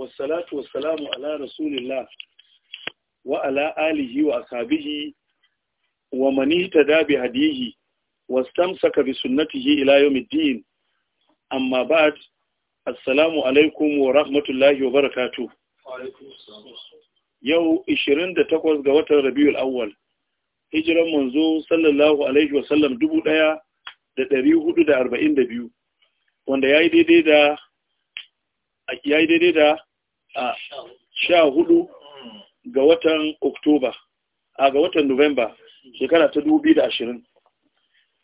wassalatu wassalamu ala rasulillah wa ala alihi wa ashabihi wa man ihtada bi hadihi wastamsaka bi sunnatihi ila yawmiddin amma ba'd assalamu alaikum wa rahmatullahi wa barakatuh yau 28 ga watan rabiul awwal hijiran manzo sallallahu alaihi wa sallam 1442 wanda yayi daidai da yayi daidai da a sha hudu ga watan oktoba a ga watan novemba shekara ta dubi da ashirin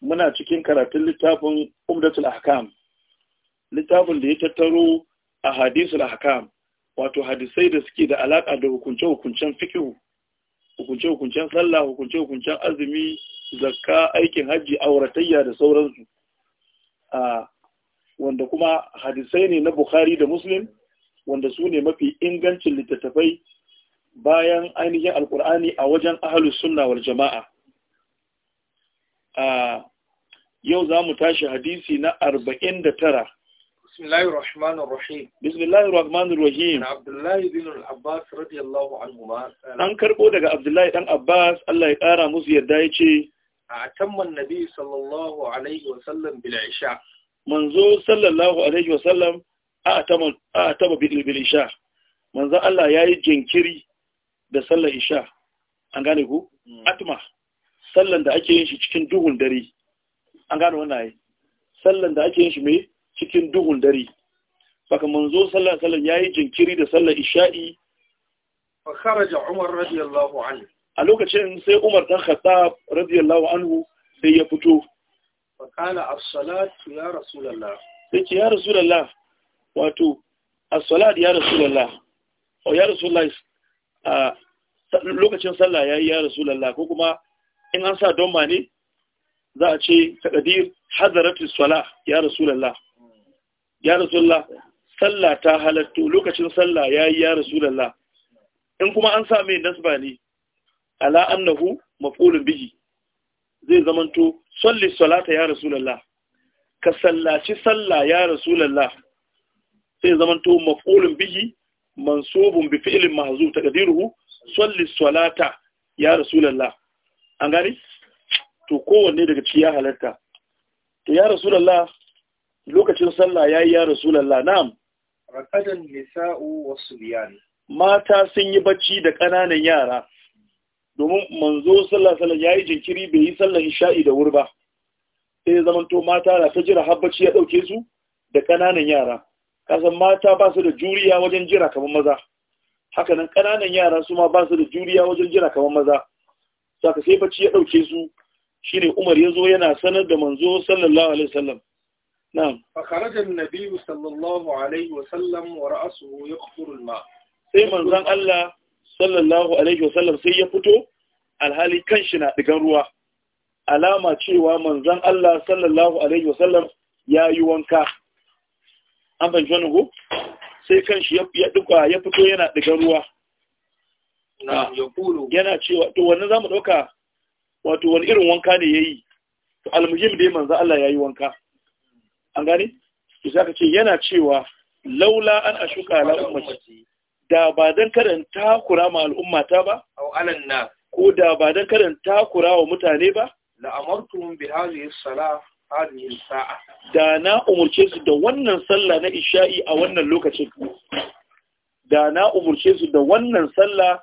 muna cikin karatun littafin umdatul ahkam littafin da ya tattaro a hadisul ahkam wato hadisai da suke da alaƙa da hukunce-hukuncen fikihu hukunce-hukuncen sallah hukunce-hukuncen azumi zakka aikin hajji auratayya da sauransu a ah, wanda kuma hadisai ne na bukhari da muslim wanda su ne mafi ingancin littattafai bayan ainihin alkur'ani a wajen ahalus sunna jama'a yau za mu tashi hadisi na arba'in da tara. abdullahi bin abbas radiyallahu anhuma an karɓo daga abdullahi dan abbas Allah ya kara musu yarda yace a tamman nabi sallallahu alaihi wa sallam manzo sallallahu wa sallam a taba bil isha manzan Allah ya yi jinkiri da sallar isha an gane ku hmm. atma sallan da ake yin shi cikin duhun dare an gane wannan yi sallan da ake yin shi mai cikin duhun dare baka manzo sallar sallan ya yi jinkiri da sallar isha'i fa kharaja umar radiyallahu anhu a lokacin sai umar dan khattab radiyallahu anhu sai ya fito fa kana as-salatu ya rasulullah sai ya rasulullah wato as-salat ya rasulullah o ya rasulullah a lokacin sallah yayi ya rasulullah ko kuma in an sa don mane za a ce taqdir hadaratu salah ya rasulullah ya rasulullah sallah ta halatto lokacin sallah yayi ya rasulullah in kuma an sa mai nasba ne ala annahu maf'ulun bihi zai zamanto salli salata ya rasulullah ka sallaci sallah ya rasulullah sai zamanto to maf'ulun bihi mansubun bi fi'lin mahzuf taqdiruhu salli salata ya rasulullah an gani to kowanne daga ciki ya halarta to ya rasulullah lokacin sallah yayi ya rasulullah na'am raqadan nisa'u wasbiyan mata sun yi bacci da ƙananan yara domin manzo sallallahu alaihi yayi jinkiri bai yi sallar isha'i da wuri ba sai zaman to mata da ta jira har bacci ya dauke su da ƙananan yara kasan mata ba su da juriya wajen jira kamar maza hakanan ƙananan yara su ma ba su da juriya wajen jira kamar maza saka sai bacci ya ɗauke su shine Umar ya zo yana sanar da manzo sallallahu alaihi wasallam na'am fa kharaja an-nabi sallallahu alaihi wasallam wa ra'suhu yaqtur al-ma sai manzon Allah sallallahu alaihi wasallam sai ya fito alhali kan shi na digan ruwa alama cewa manzon Allah sallallahu alaihi wasallam ya yi wanka an ban shi ko sai kan shi ya duka ya fito yana daga ruwa yana cewa to wannan mu dauka wato wani irin wanka ne ya yi? to almuhim dai manza Allah ya yi wanka an gane to ka ce yana cewa laula an ashuka ala da ba don karanta takura ma al'ummata ba ko da ba don karanta takura wa mutane ba la'amartu bi hadhihi salah da na umurce su da wannan sallah na isha'i a wannan lokacin da na umurce su da wannan sallah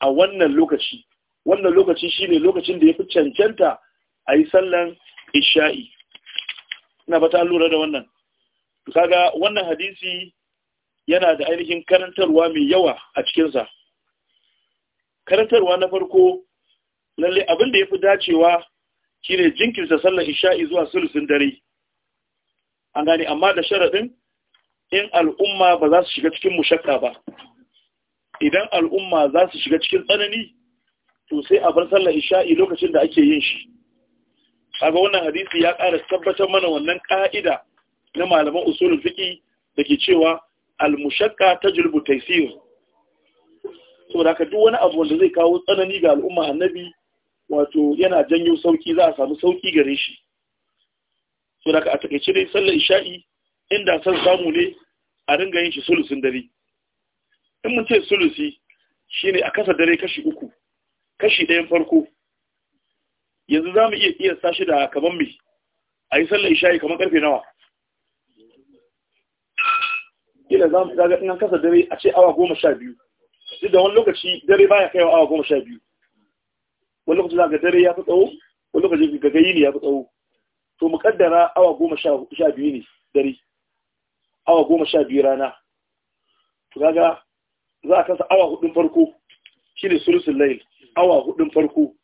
a wannan lokaci wannan lokaci shine lokacin da ya fi cancanta a yi sallan isha'i ina ba lura da wannan kaga wannan hadisi yana da ainihin karantarwa mai yawa a cikinsa karantarwa na farko lalle abin da ya fi dacewa shine jinkirta sallar isha'i zuwa sulusun dare an gane amma da sharaɗin in al'umma ba za su shiga cikin mushakka ba idan al'umma za su shiga cikin tsanani to sai a bar sallar isha'i lokacin da ake yin shi kaga wannan hadisi ya ƙara tabbatar mana wannan ƙa'ida na malaman usulul fiqi dake cewa al ta tajlibu taysir saboda ka duk wani abu wanda zai kawo tsanani ga al'umma annabi wato yana janyo sauki za a samu sauki gare shi so daga a takaice dai sallar isha'i inda san samu ne a ringa yin shi sulusin dare in mun ce sulusi shine a kasa dare kashi uku kashi ɗayan farko yanzu za mu iya iya sashi da kamar mai a yi sallar isha'i kamar karfe nawa ila za mu ga in kasa dare a ce awa goma sha biyu duk da wani lokaci dare baya kaiwa awa goma sha biyu wani lokacin za dare ya fi tsawo wani lokacin ka ga yini ya fi tsawo to mu kaddara awa goma sha biyu ne dare awa goma sha biyu rana to kaga za a kasa awa hudun farko shi ne sulusul lail awa hudun farko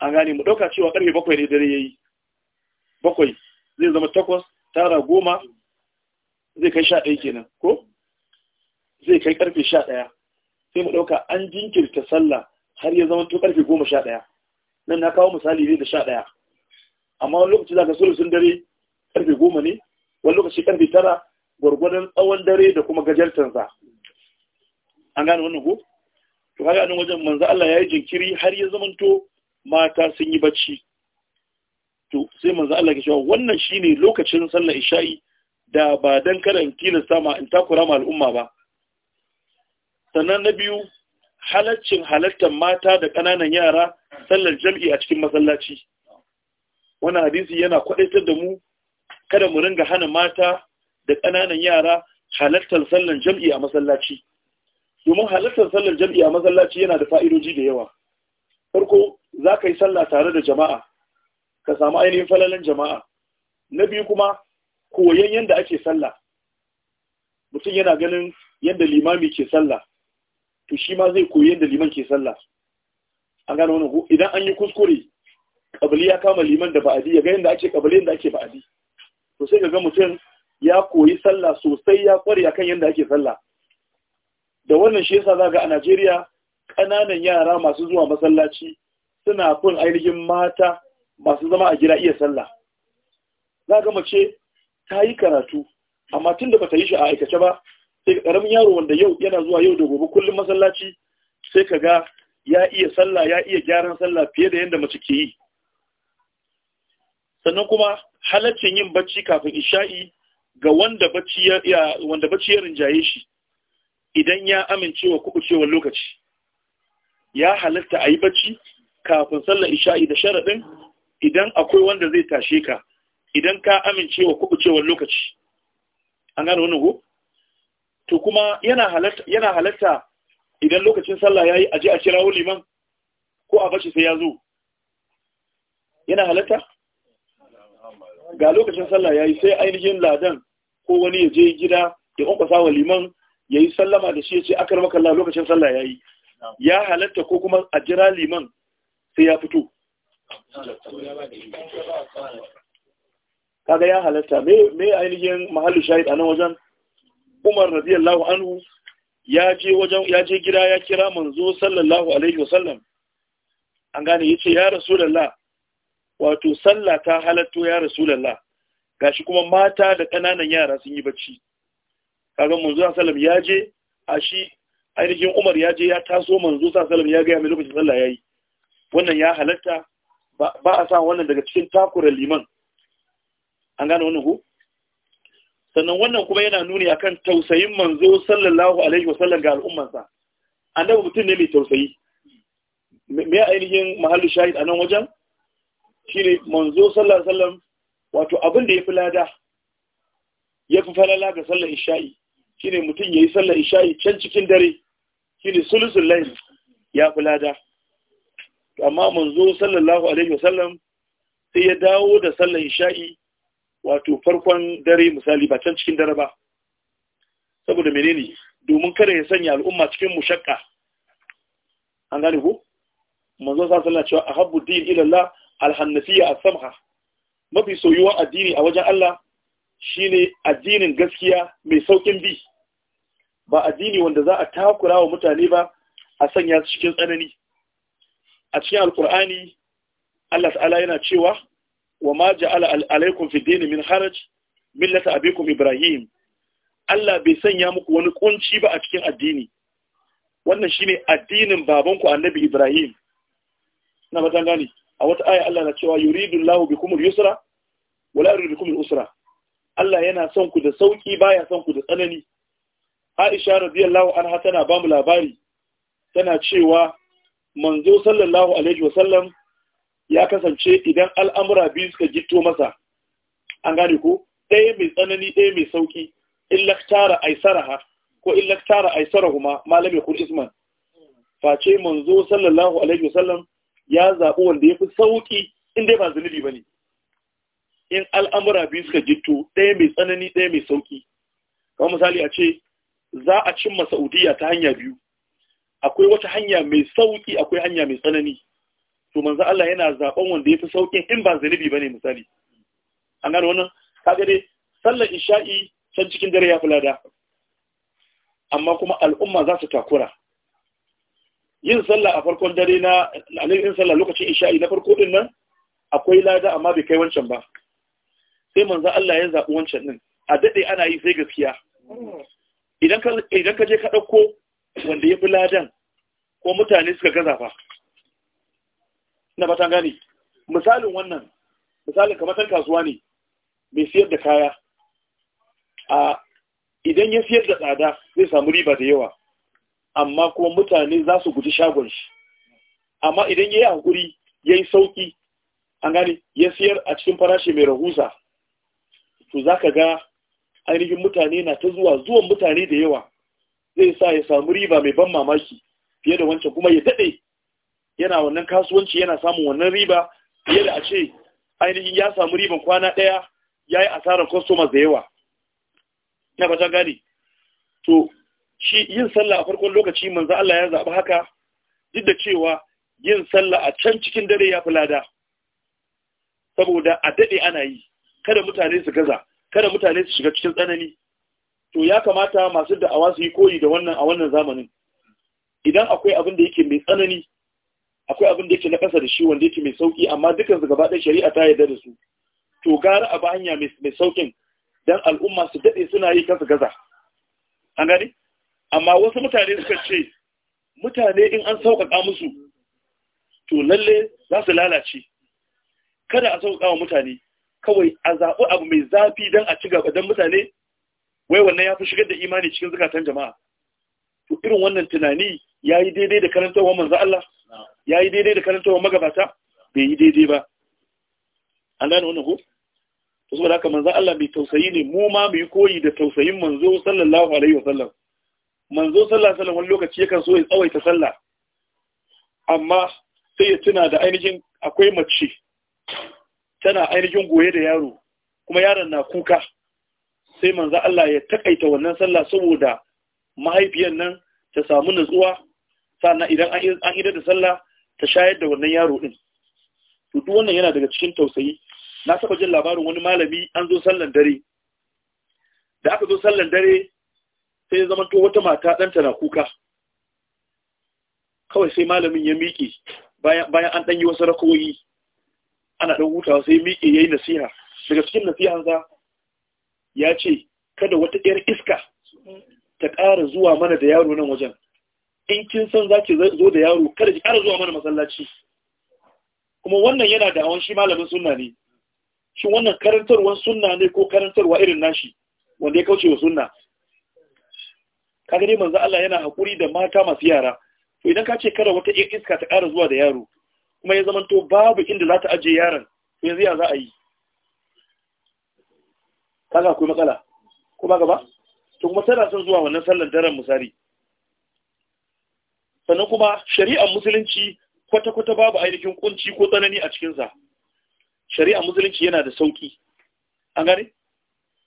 an gane mu dauka cewa karfe bakwai ne dare ya yi. bakwai zai zama takwas tara goma zai kai sha ɗaya kenan ko zai kai karfe sha ɗaya sai mu dauka an jinkirta sallah har ya zama karfe goma sha ɗaya nan na kawo misali ne da sha ɗaya amma wani lokaci za ka so sun dare karfe goma ne wani lokaci karfe tara gwargwadon tsawon dare da kuma gajartansa an gane wannan ko to kaga nan wajen manzo Allah ya yi jinkiri har ya zamanto mata sun yi bacci to sai manzo Allah ya cewa wannan shine lokacin sallar isha'i da ba dan kada in tilasta ma in takura ma al'umma ba sannan na biyu halaccin halattar mata da ƙananan yara sallar jam'i a cikin masallaci wannan hadisi yana kwadaitar da mu kada mu ringa hana mata da ƙananan yara halattar sallar jam'i a masallaci domin halattar sallar jam'i a masallaci yana da fa'idoji da yawa farko za ka yi sallah tare da jama'a ka samu ainihin falalan jama'a na biyu kuma koyon yadda ake sallah mutum yana ganin yadda limami ke sallah to shi ma zai koyi yadda liman ke sallah an gano wani idan an yi kuskure kabali ya kama liman da ba'adi ya ga yadda ake kabali yadda ake ba'adi to sai ga mutum ya koyi sallah sosai ya kware akan yadda ake sallah da wannan shi yasa zaga a Najeriya ƙananan yara masu zuwa masallaci suna kun ainihin mata masu zama a gida iya sallah zaga mace ta yi karatu amma tunda bata yi shi a aikace ba sai karamin yaro wanda yau yana zuwa yau da gobe kullum masallaci sai ka ga ya iya sallah ya iya gyaran sallah fiye da yadda mace ke yi sannan kuma halaccin yin bacci kafin isha'i ga wanda bacci ya wanda bacci ya rinjaye shi idan ya amince wa kubucewar lokaci ya halatta a yi bacci kafin sallar isha'i da sharaɗin idan akwai wanda zai tashe ka idan ka amince wa kubucewar lokaci an gane wani ko to kuma yana halatta idan lokacin sallah yi aje a kirawo liman ko a bashi sai ya zo yana halatta ga lokacin sallah ya yi sai ainihin ladan ko wani ya je gida ya kwankwasa wa liman ya yi sallama da shi ya ce aka maka lokacin sallah ya yi. ya halatta ko kuma a jira liman sai ya fito kaga ya halatta me ainihin mahallu shahid a nan wajen Umar radiyallahu anhu ya je wajen ya je gida ya kira manzo sallallahu alaihi wasallam an gane yace ya rasulullah wato sallah ta halatto ya rasulullah gashi kuma mata da kananan yara sun yi bacci kaga manzo sallallahu alaihi ya je a shi ainihin Umar ya je ya taso manzo sallallahu alaihi ya ga mai lokacin sallah yayi wannan ya halatta ba a sa wannan daga cikin takurar liman an gane wannan ko sannan wannan kuma yana nuni akan tausayin manzo sallallahu alaihi wasallam ga al'ummarsa annabi mutum ne mai tausayi me ainihin mahallu shahid a nan wajen shine manzo sallallahu alaihi wasallam wato abin da fi lada ya fi falala ga sallar isha'i shine mutum yayi sallar isha'i can cikin dare shine sulusul layl ya fi lada amma manzo sallallahu alaihi wasallam sai ya dawo da sallar isha'i wato farkon dare misali ba can cikin dare ba saboda menene domin kada ya sanya al'umma cikin mushakka an gane ko manzo sa sallallahu cewa ahabbu din ila Allah alhannasiya as-samha mafi soyuwan addini a wajen Allah shine addinin gaskiya mai saukin bi ba addini wanda za a takura wa mutane ba a sanya su cikin tsanani a cikin alkur'ani Allah ta'ala yana cewa wa ma ja'ala alaikum fi dini min haraj millata abikum ibrahim Allah bai sanya muku wani kunci ba a cikin addini wannan shine addinin babanku annabi ibrahim na matan gani a wata aya Allah na cewa yuridu Allahu bikum al-yusra wa la yuridu usra Allah yana son ku da sauki baya son ku da tsanani Aisha radiyallahu anha tana ba mu labari tana cewa manzo sallallahu alaihi wasallam ya kasance idan al'amura biyu suka gito masa an gane ko ɗaya mai tsanani ɗaya mai sauƙi illaktara aisaraha ko illaktara aisarahuma malami ya isman face manzo sallallahu alaihi wasallam ya zaɓi wanda ya fi sauƙi in dai ba zunubi ba ne in al'amura biyu suka gito ɗaya mai tsanani ɗaya mai sauƙi kamar misali a ce za a cimma Saudiyya ta hanya biyu akwai wata hanya mai sauƙi akwai hanya mai tsanani to manzo Allah yana zaben wanda yafi saukin in ba zanubi bane misali an gane wannan kaga dai sallar isha'i can cikin dare ya fi lada amma kuma al'umma za su takura yin sallah a farkon dare na alayin sallah lokacin isha'i na farko din nan akwai lada amma bai kai wancan ba sai manzo Allah ya zabi wancan din a daɗe ana yi sai gaskiya idan ka idan je ka dauko wanda ya fi ladan ko mutane suka gaza fa na ba gane misalin wannan misalin kamar kasuwa ne mai siyar da kaya a idan ya siyar da tsada zai samu riba da yawa amma kuma mutane za su guji shagon shi amma idan ya yi hankuri ya yi sauƙi an gane ya siyar a cikin farashi mai rahusa to za ka ga ainihin mutane na ta zuwa zuwan mutane da yawa zai sa ya samu riba mai ban mamaki fiye da wancan kuma ya daɗe yana wannan kasuwanci yana samun wannan riba fiye da a ce ainihin ya samu riban kwana ɗaya ya yi asarar kwastomas da yawa na fatan gani. to shi yin sallah a farkon lokaci manzo Allah ya zaɓi haka duk da cewa yin sallah a can cikin dare ya fi lada saboda a daɗe ana yi kada mutane su gaza kada mutane su shiga cikin tsanani to ya kamata masu da'awa su yi koyi da wannan a wannan zamanin idan akwai abin da yake mai tsanani akwai abin da yake na kasa da shi wanda yake mai sauki amma dukkan su gaba ɗaya shari'a ta yarda da su to gara a ba hanya mai saukin dan al'umma su daɗe suna yi kasa gaza an gani amma wasu mutane suka ce mutane in an sauƙaƙa musu to lalle za su lalace kada a sauƙaƙa wa mutane kawai a zaɓi abu mai zafi don a ci gaba don mutane wai wannan ya fi shigar da imani cikin zukatan jama'a to irin wannan tunani ya yi daidai da karantarwar manzo Allah ya yi daidai da wa magabata bai yi daidai ba an gane wannan ko to saboda haka manzo Allah mai tausayi ne mu ma mu koyi da tausayin manzo sallallahu alaihi wasallam manzo sallallahu alaihi wasallam wani lokaci yakan so ya tsawaita sallah amma sai ya tuna da ainihin akwai mace tana ainihin goye da yaro kuma yaron na kuka sai manzo Allah ya takaita wannan sallah saboda mahaifiyar nan ta samu nutsuwa sannan idan an idar da sallah ta shayar da wannan yaro din to wannan yana daga cikin tausayi na saba jin labarin wani malami an zo sallan dare da aka zo sallan dare sai zama to wata mata ɗanta na kuka kawai sai malamin ya miƙe bayan an ɗanyi wasu rakoyi ana ɗan hutawa sai miƙe ya yi nasiha daga cikin za ya ce kada wata 'yar iska ta ƙara zuwa mana da yaro nan wajen in kin san za ki zo da yaro kada ki ƙara zuwa mana masallaci kuma wannan yana da hawan shi malamin sunna ne shi wannan karantarwar sunna ne ko karantarwa irin nashi wanda ya kauce wa sunna ka gani manzo Allah yana hakuri da mata masu yara to idan ka ce kada wata iska ta ƙara zuwa da yaro kuma ya to babu inda za ta aje yaron to yanzu ya za a yi kaga akwai matsala kuma gaba to kuma tana son zuwa wannan sallar daren misali sannan kuma shari'ar musulunci kwata-kwata babu ainihin kunci ko tsanani a cikinsa shari'ar musulunci yana da sauƙi an gane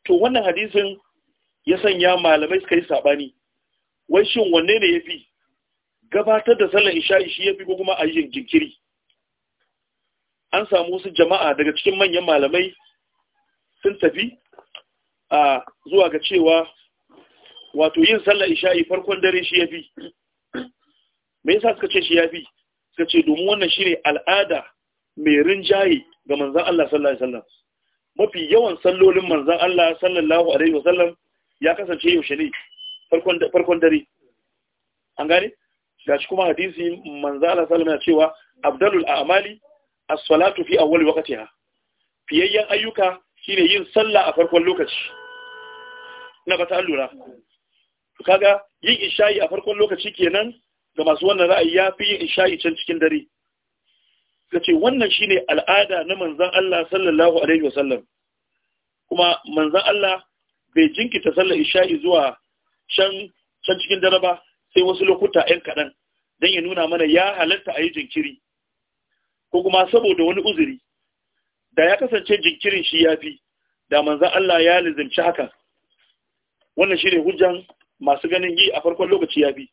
to wannan hadisin ya sanya malamai suka yi saɓani wai shin wanne ne ya fi gabatar da sallar isha'i shi ya fi ko kuma ayyukan jinkiri an samu wasu jama'a daga cikin manyan malamai sun tafi a zuwa ga cewa wato yin sallar isha'i farkon dare shi ya fi me yasa suka ce shi ya bi suka ce domin wannan shine al'ada mai rinjaye ga manzan Allah sallallahu alaihi wasallam mafi yawan sallolin manzan Allah sallallahu alaihi wasallam ya kasance yaushe ne farkon farkon dare an gane gashi kuma hadisi manzan Allah sallallahu alaihi cewa abdalul a'mali as-salatu fi awwal waqtiha fiyayyan ayyuka shine yin sallah a farkon lokaci ina ba ta allura kaga yin isha'i a farkon lokaci kenan ga masu wannan ra'ayi ya fi yin isha'i can cikin dare ka ce wannan shi ne al'ada na manzan Allah sallallahu alaihi wasallam kuma manzan Allah bai jinkita sallar isha'i zuwa can can cikin dare ba sai wasu lokuta 'yan kaɗan don ya nuna mana ya halatta a yi jinkiri ko kuma saboda wani uzuri da ya kasance jinkirin shi ya fi da manzan Allah ya lizanci haka wannan shi ne hujjan masu ganin yi a farkon lokaci ya fi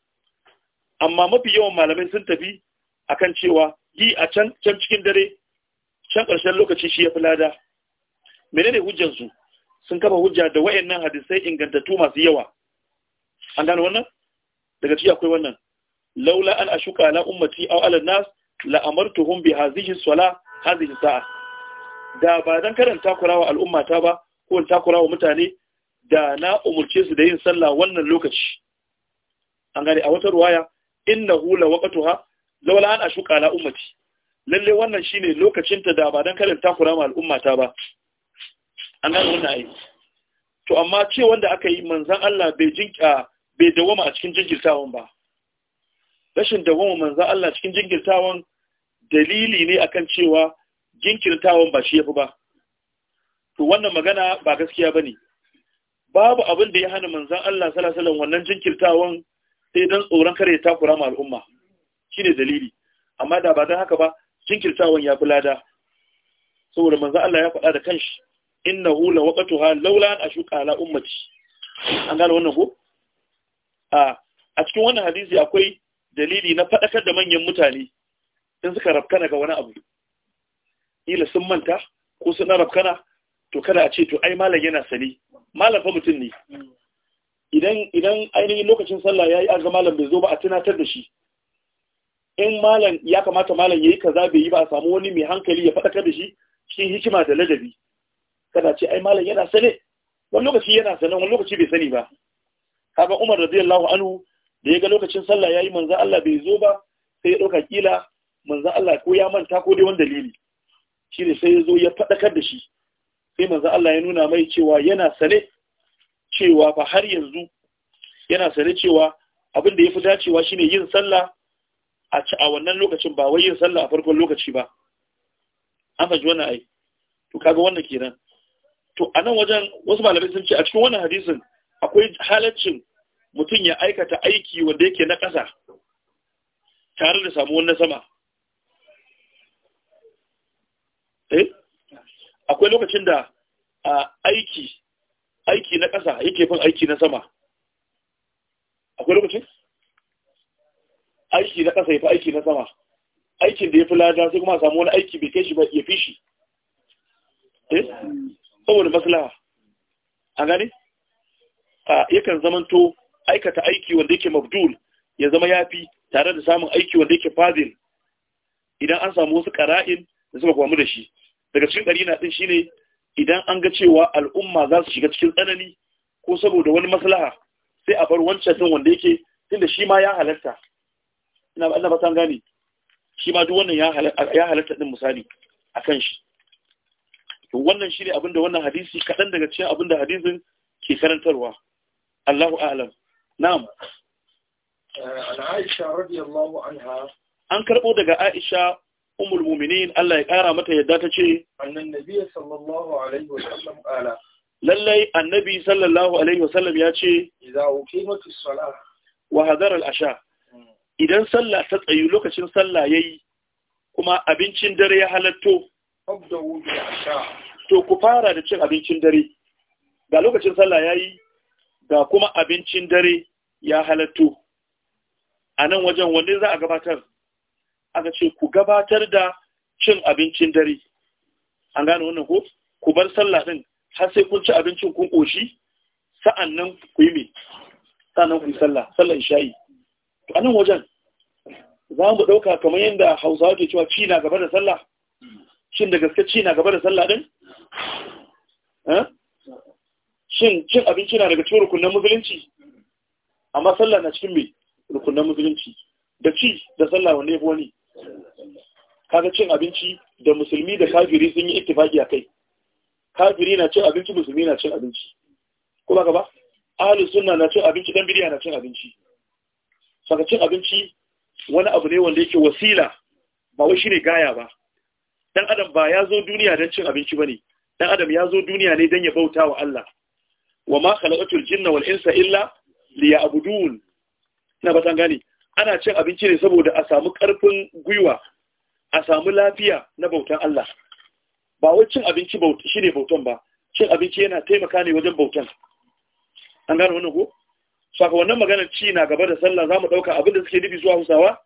amma mafi yawan malamai sun tafi a kan cewa yi a can cikin dare can ƙarshen lokaci shi ya fi lada menene hujjarsu sun kafa hujja da wayannan hadisai ingantattu masu yawa an gano wannan daga ciki akwai wannan laula an ashuka la ummati aw ala nas la amartuhum bi hadhihi sala hadhihi sa'a da ba dan karanta kurawa al'ummata ba ko ta kurawa mutane da na umurce su da yin sallah wannan lokaci an gane a wata ruwaya hula lawaqatuha laula an ashuqa ala ummati lalle wannan shine lokacin ta da ba dan karin takura ma al'ummata ta ba an gane wannan ai to amma ce wanda aka yi manzan Allah bai jinka bai dawama a cikin jinkirtawan ba rashin dawama manzan Allah cikin jinkirtawan dalili ne akan cewa jinkirtawan ba shi yafi ba to wannan magana ba gaskiya bane babu abin da ya hana manzan Allah sallallahu alaihi wasallam wannan jinkirtawan sai don tsoron kare ya takura ma al'umma shi ne dalili amma da ba don haka ba jinkirtawan ya fi lada saboda manzan Allah ya faɗa da kanshi inna hula waƙatu ha laula a shuka ala an gane wannan ko a cikin wannan hadisi akwai dalili na faɗakar da manyan mutane in suka rafkana ga wani abu ila sun manta ko suna rafkana to kada a ce to ai malam yana sani malam fa mutum ne idan ainihin lokacin sallah ya yi a ga malam bai zo ba a tunatar da shi in malam ya kamata malam yi kaza bai yi ba a samu wani mai hankali ya faɗakar da shi cikin hikima da ladabi kada ce ai malam yana sane wani lokaci yana sane wani lokaci bai sani ba kaga Umar radiyallahu anhu da ya ga lokacin sallah ya yi manzo Allah bai zo ba sai ya dauka kila manzo Allah ko ya manta ko dai wani dalili shine sai ya zo ya faɗakar da shi sai manzo Allah ya nuna mai cewa yana sane cewa fa har yanzu yana sane cewa abin da ya fi dacewa shine yin sallah a wannan lokacin ba wai yin sallah a farkon lokaci ba an faji wannan ai to kaga wannan kenan to a nan wajen wasu malamai sun ce a cikin wannan hadisin akwai halaccin mutum ya aikata aiki wanda yake na ƙasa tare da samu wannan sama eh akwai lokacin da aiki aiki na ƙasa yake fin aiki na sama akwai lokacin aiki na ƙasa ya fi aiki na sama aikin da ya fi lada sai kuma a samu wani aiki bai kai shi ba ya fi shi eh saboda maslaha a a yakan zamanto aikata aiki wanda yake mabdul ya zama yafi tare da samun aiki wanda yake fadil idan an samu wasu ƙara'in da suka kwamu da shi daga cikin qarina din shine idan an ga cewa al'umma za su shiga cikin tsanani ko saboda wani maslaha sai a bar wancan din wanda yake tunda shi ma ya halatta. ina ba Allah ba san gane shi ma duk wannan ya halatta din misali akan shi to wannan shi ne abinda wannan hadisi kadan daga cikin abinda hadisin ke karantarwa Allahu a'lam na'am eh, aisha radiyallahu anha an karbo daga Aisha ummul muminin Allah ya kara mata yadda ta ce annabi sallallahu alaihi wasallam lallai annabi sallallahu alaihi wasallam ya ce idza uqimatis salah wa hadara al asha hmm. idan sallah ta tsayu lokacin sallah yayi kuma abincin dare ya halatto bil asha to ku fara da cin abincin dare ga lokacin sallah yayi ga kuma abincin dare ya halatto a nan wajen wanne za a gabatar aka ce ku gabatar da cin abincin dare an gane wannan ko ku bar sallah din har sai kun ci abincin kun koshi sa'annan ku yi me sa'annan ku yi sallah sallah isha'i to anan wajen za mu ɗauka kamar yadda hausawa ke cewa ci na gaba da sallah shin da gaske ci na gaba da sallah din eh? shin cin abinci na daga cikin rukunan musulunci amma sallah na cikin mai rukunan musulunci da ci da sallah wanne ya fi wani kaga cin abinci da musulmi da kafiri sun yi ittifaki a kai kafiri na cin abinci musulmi na cin abinci ko ba ba ahlus sunna na cin abinci dan bidiya na cin abinci saka cin abinci wani abu ne wanda yake wasila ba wai shine gaya ba dan adam ba ya zo duniya dan cin abinci bane dan adam ya zo duniya ne dan ya bauta wa Allah wa ma khalaqatul jinna wal insa illa liya'budun ina batan gane ana cin abinci ne saboda a samu ƙarfin gwiwa a samu lafiya na bautan Allah ba wai cin abinci shi ne bautan ba cin abinci yana taimaka ne wajen bautan an gano wannan ko saka wannan maganar ci na gaba da sallah za mu ɗauka abin da suke nufi zuwa hausawa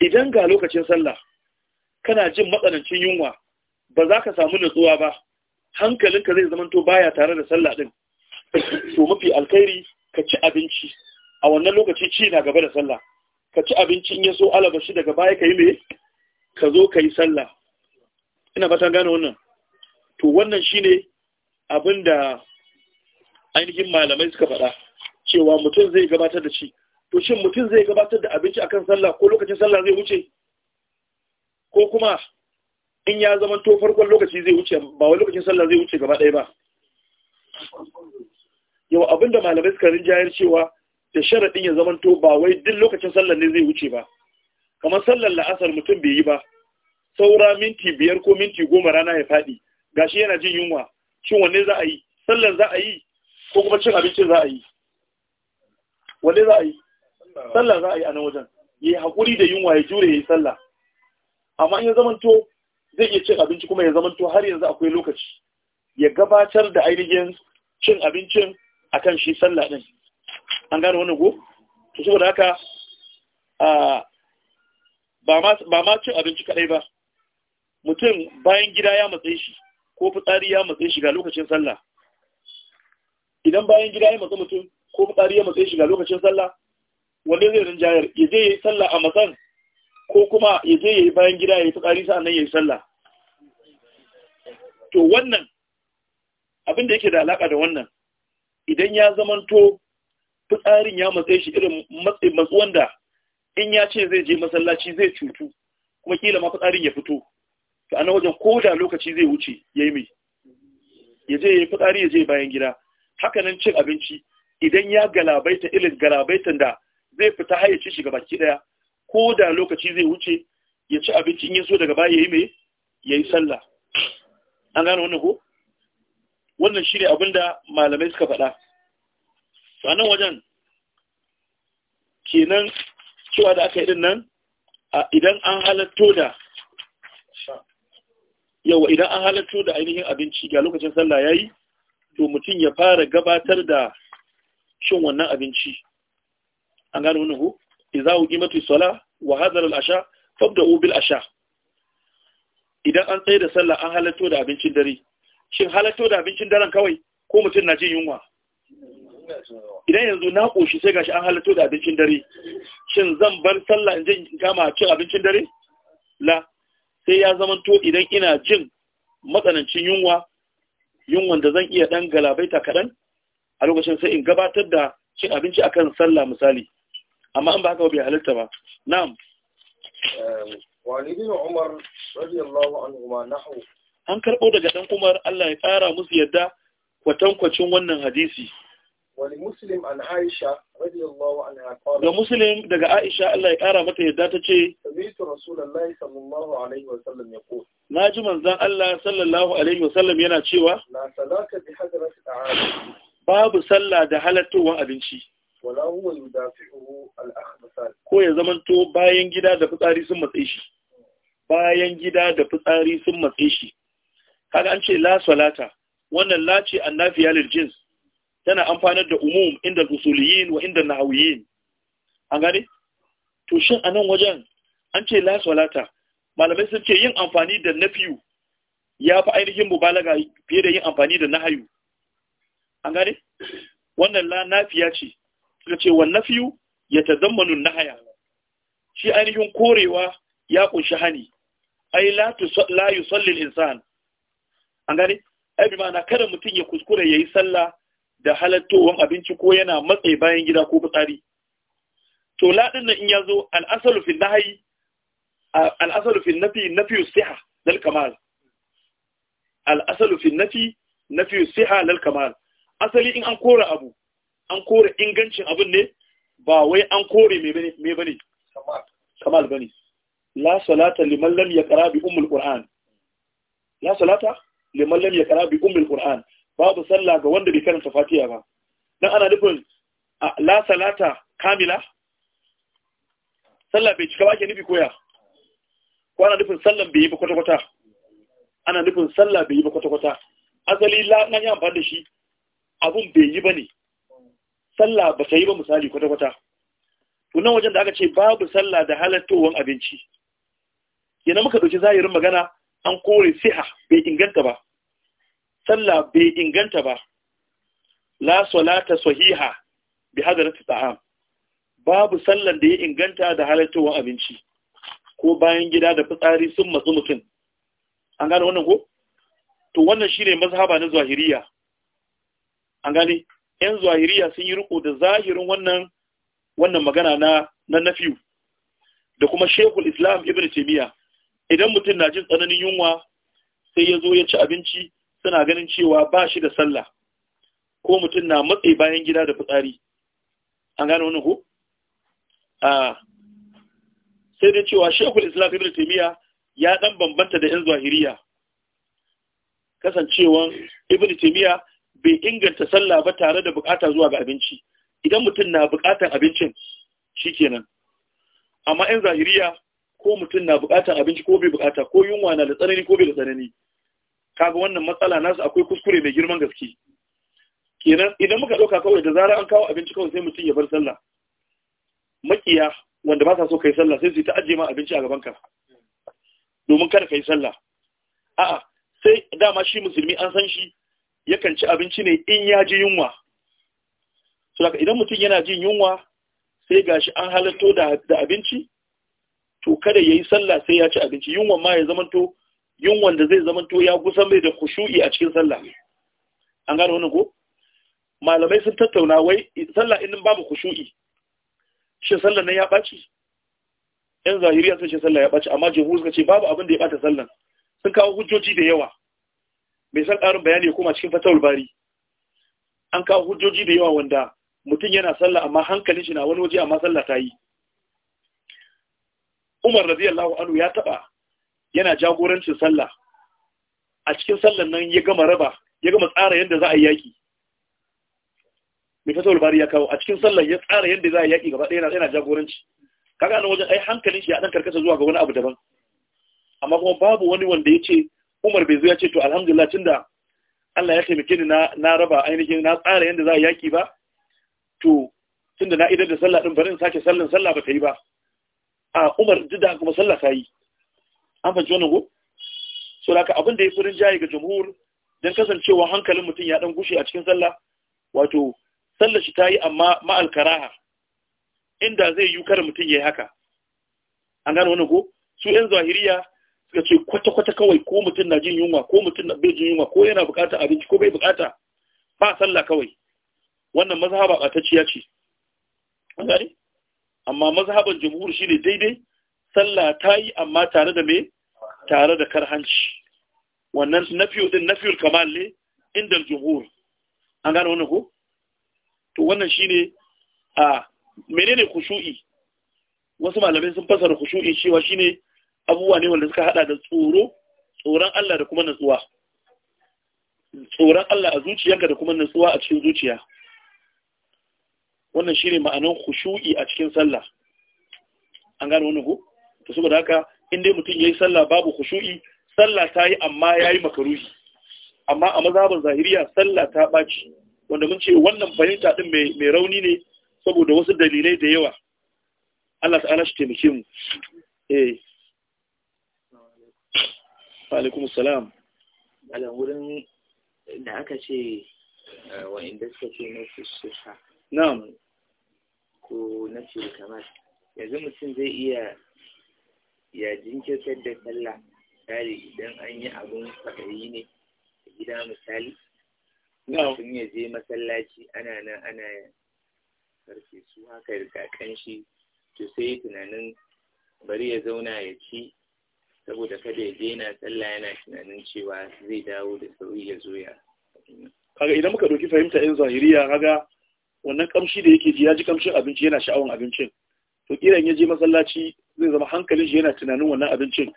idan ga lokacin sallah kana jin matsanancin yunwa ba za ka samu natsuwa ba hankalinka zai zamanto baya tare da sallah ɗin to mafi alkhairi ka ci abinci a wannan lokaci ci na gaba da sallah ka ci abincin ya so alaba shi daga baya ka yi me ka zo ka yi sallah ina ba ta gane wannan to wannan ne abin da ainihin malamai suka faɗa cewa mutum zai gabatar da shi to shin mutum zai gabatar da abinci a kan sallah ko lokacin sallah zai wuce ko kuma in ya zama to farkon lokaci zai wuce ba wani lokacin sallah zai wuce gaba ɗaya ba yau abinda malamai suka rinjayar cewa da sharaɗin ya zamanto ba wai duk lokacin sallar ne zai wuce ba kamar sallar la'asar mutum bai yi ba saura minti biyar ko minti goma rana ya faɗi gashi yana jin yunwa shin wanne za a yi sallar za a yi ko kuma cin abincin za a yi wanne za a yi sallar za a yi a nan wajen ya yi haƙuri da yunwa ya jure ya yi sallah amma in ya zamanto zai iya cin abinci kuma ya zamanto har yanzu akwai lokaci ya gabatar da ainihin cin abincin akan shi sallah ɗin an gane wani go to saboda haka ba ma cin abinci kadai ba mutum bayan gida ya matsayi shi ko fitsari ya matsayi shi ga lokacin sallah idan bayan gida ya matsa mutum ko fitsari ya matsayi shi ga lokacin sallah wanda zai jayar ya zai yi sallah a matsan ko kuma ya zai yi bayan gida ya yi fitsari sa'an nan ya yi sallah to wannan abin da yake da alaka da wannan idan ya zamanto fitsarin ya matsayi shi irin matsuwan da in ya ce zai je masallaci zai cutu kuma kila ma fitsarin ya fito to a wajen ko da lokaci zai wuce ya yi mai ya je ya yi fitsari ya je bayan gida hakanan cin abinci idan ya galabaita irin galabaitan da zai fita hayyace shi baki daya ko da lokaci zai wuce ya ci abinci in so daga baya ya yi mai ya yi sallah an gane wannan ko wannan shi ne abinda malamai suka faɗa to wajen kenan cewa da aka yi din nan idan an halatto da yawa idan an halatto da ainihin abinci ga lokacin sallah ya yi, to mutum ya fara gabatar da shin wannan abinci an gano hu ko hu Gimatu sala wa al-asha fabda'u bil asha idan an tsaye da sallah an halatto da abincin dare shin halatto da abincin daren kawai ko mutum na jin yunwa idan yanzu na ƙoshi sai gashi an halatto da abincin dare shin zan bar sallah in je in kama cin abincin dare la sai ya zamanto idan ina jin matsanancin yunwa yunwan da zan iya dan galabaita kaɗan a lokacin sai in gabatar da cin abinci akan sallah misali amma an ba haka bai halitta ba na'am an karɓo daga dan umar Allah ya tsara musu yadda kwatankwacin wannan hadisi Wani musulun daga Aisha Allah ya kara mata yadda ta ce, Na ji manzan Allah sallallahu Alaihi wasallam yana cewa, Babu sallah da halattowar abinci, ko ya zamanto bayan gida da fitsari sun matse shi, bayan gida da fitsari sun matse shi, haka an ce la salata, wannan la ce annafiya lirjins. tana amfanar da umum inda usuliyin wa inda nahawiyin an gane to shin a wajen an ce la salata malamai sun ce yin amfani da nafiyu ya fi ainihin mubalaga fiye da yin amfani da nahayu an gane wannan la nafiya ce suka ce wa nafiyu ya tazammanu nahaya shi ainihin korewa ya kunshi hani ai la la yusalli al-insan an gane ai bi ma'ana kada mutum ya kuskure yi sallah da halattowan abinci ko yana matse bayan gida ko fitsari to laɗin nan in ya zo al'asalu rufin nahi al'asalu fil nafi nafi siha lal kamal al'asalu fil nafi nafi siha lal kamal asali in an kore abu an kore ingancin abin ne ba wai an kore me bane kamal bane la salata liman lam yaqra bi ummul qur'an la salata liman lam yaqra bi ummul qur'an babu sallah ga wanda bai karanta fatiha ba dan ana nufin la salata kamila sallah bai cika ba ke nufi koya ko ana nufin sallan bai yi ba kwata-kwata ana nufin sallah bai yi ba kwata-kwata asali la nan ya amfani da shi abun bai yi ba ne sallah ba ta yi ba misali kwata-kwata tunan wajen da aka ce babu sallah da halattowan abinci yana muka ɗauki zahirin magana an kore siha bai inganta ba sallah bai inganta ba la salata sahiha bi hadarati ta'am babu sallan da ya inganta da halattowar abinci ko bayan gida da fitsari sun matsu mutum an gane wannan ko to wannan shine mazhaba na zahiriya an gane yan zahiriya sun yi riko da zahirin wannan wannan magana na na nafiu da kuma shekul islam ibnu taymiya idan mutum na jin tsananin yunwa sai ya zo ya ci abinci suna ganin cewa ba shi da sallah ko mutum na matse bayan gida da fitsari an gane wani ko a sai dai cewa shekul islam ibn taimiyya ya dan bambanta da yan zahiriya kasancewan ibn taimiyya bai inganta sallah ba tare da bukata zuwa ga abinci idan mutum na bukatan abincin shikenan amma yan zahiriya ko mutum na bukatan abinci ko bai bukata ko yunwa na da tsanani ko bai da tsanani kaga wannan matsala nasu akwai kuskure mai girman gaske kenan idan muka ɗauka kawai da zarar an kawo abinci kawai sai mutum ya bar sallah makiya wanda ba sa so kai sallah sai su ta ajiye ma abinci a gaban ka domin kada kai sallah a'a sai dama shi musulmi an san shi yakan ci abinci ne in ya ji yunwa so daga idan mutum yana jin yunwa sai gashi an halatto da abinci to kada yayi sallah sai ya ci abinci yunwa ma ya zamanto yin wanda zai to ya kusan mai da khushu'i a cikin sallah an gano wannan ko malamai sun tattauna wai sallah in babu khushu'i shin sallah nan ya baci yan zahiriya sun ce sallah ya baci amma jihuz suka ce babu abin da ya bata sallan sun kawo hujjoji da yawa mai san karin bayani kuma cikin fatawul bari an kawo hujjoji da yawa wanda mutum yana sallah amma hankalin shi na wani waje amma sallah ta yi Umar radiyallahu anhu ya taba yana jagorancin sallah a cikin sallan nan ya gama raba ya gama tsara yadda za a yi yaki mai fasawar bari ya kawo a cikin sallan ya tsara yadda za a yi yaki gaba ɗaya yana jagoranci kaga nan wajen ai hankalin shi ya dan karkasa zuwa ga wani abu daban amma kuma babu wani wanda ya ce umar bai zo ya ce to alhamdulillah tunda Allah ya taimake ni na raba ainihin na tsara yadda za a yaki ba to tunda na idar da sallah din bari in sake sallan sallah ba ta yi ba a umar duk da kuma sallah ta yi an fahimci wannan ko so haka abin da ya furin jaye ga jamhur dan kasancewa hankalin mutum ya dan gushe a cikin sallah wato sallar shi tayi amma ma'al karaha inda zai yi kar mutum yayi haka an gano wannan ko su yan zahiriya suka ce kwata kwata kawai ko mutum na jin yunwa ko mutum na bai jin yunwa ko yana bukata abinci ko bai bukata ba sallah kawai wannan mazhaba ciya ce an gani amma mazhaban jamhur shine daidai sallah ta yi amma tare da me tare da karhanci wannan nafiyu din nafiyul kamal ne inda jumhur an gane wannan ko to wannan shine a menene khushu'i wasu malamai sun fasara khushu'i cewa shine abubuwa ne wanda suka hada da tsoro tsoron Allah da kuma natsuwa tsoron Allah a zuciyarka da kuma natsuwa a cikin zuciya wannan shine ma'anar khushu'i a cikin sallah an gane wannan ko to saboda haka in dai mutum yi sallah babu khushu'i sallah ta yi amma ya yi makaruhi amma a mazhabin zahiriya sallah ta baci wanda mun ce wannan fahimta din mai mai rauni ne saboda wasu dalilai da yawa Allah ta'ala shi taimake mu eh wa alaikum salam alan wurin da aka ce eh, wa'inda suka ce na shirka na'am ko na shirka kamar yanzu mutum zai iya ya jinkirtar da sallah misali idan an yi abun kwaɗayi ne a gida misali sun ya je masallaci ana nan ana karfe su haka da kanshi to sai tunanin bari ya zauna ya ci saboda kada ya je na sallah yana tunanin cewa zai dawo da sauri ya zo ya kaga idan muka ɗauki fahimta yan zahiriya kaga wannan kamshi da yake ji ya ji kamshin abinci yana sha'awan abincin to kiran ya je masallaci zai zama hankalin shi yana tunanin wannan abincin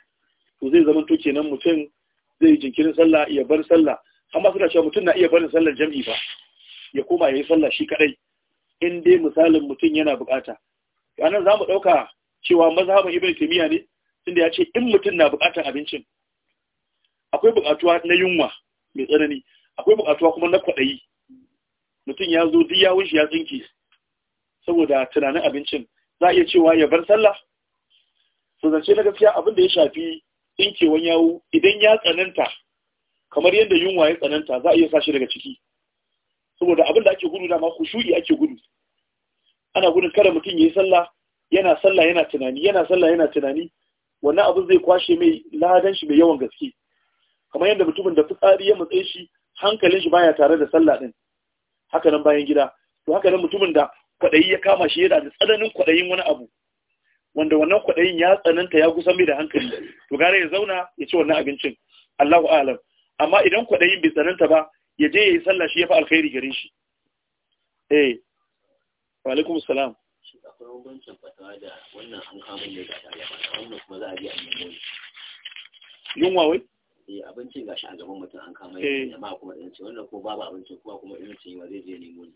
to zai zama to kenan mutum zai yi jinkirin sallah ya bar sallah amma suna cewa mutum na iya barin sallar jam'i ba ya koma ya yi sallah shi kadai in dai misalin mutum yana bukata nan za mu ɗauka cewa mazhaban ibn taymiya ne tunda ya ce in mutum na bukatar abincin akwai bukatuwa na yunwa mai tsanani akwai bukatuwa kuma na kwaɗayi mutum ya zo duk yawun shi ya tsinki saboda tunanin abincin za a iya cewa ya bar sallah to zance na gaskiya abin da ya shafi wani yawo idan ya tsananta kamar yadda yunwa ya tsananta za a iya sashi daga ciki saboda abin da ake gudu dama khushu'i ake gudu ana gudun kada mutum yayi sallah yana sallah yana tunani yana sallah yana tunani wannan abin zai kwashe mai ladan shi mai yawan gaske kamar yadda mutumin da fitsari ya matsayi shi hankalin shi baya tare da sallah din haka nan bayan gida to haka nan mutumin da kwaɗayi ya kama shi yana da tsananin kwaɗayin wani abu wanda wannan kwaɗayin ya tsananta ya gusa mai da hankali to gara ya zauna ya ci wannan abincin Allahu alam amma idan kwaɗayin bai tsananta ba ya je ya yi sallah shi ya fi alkhairi gare shi eh wa alaikum salam akwai da wannan an ne ga wannan kuma za a a yunwa wai eh abincin gashi a gaban mutum an kama ne amma kuma ɗanci wannan ko babu abincin kuma kuma ɗanci ce wa zai je nemo ne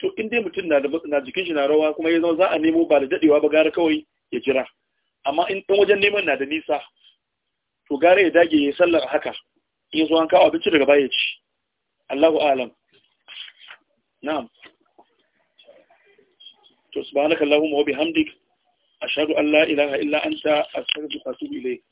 to in dai mutum na da jikin shi na rawa kuma ya zama za a nemo ba da dadewa ba gara kawai ya jira amma in dan wajen neman na da nisa to gara ya dage ya sallar haka in zo an kawo abinci daga baya ci Allahu a'lam na'am to subhanakallahumma wa bihamdik ashhadu an la ilaha illa anta astaghfiruka wa atubu ilayk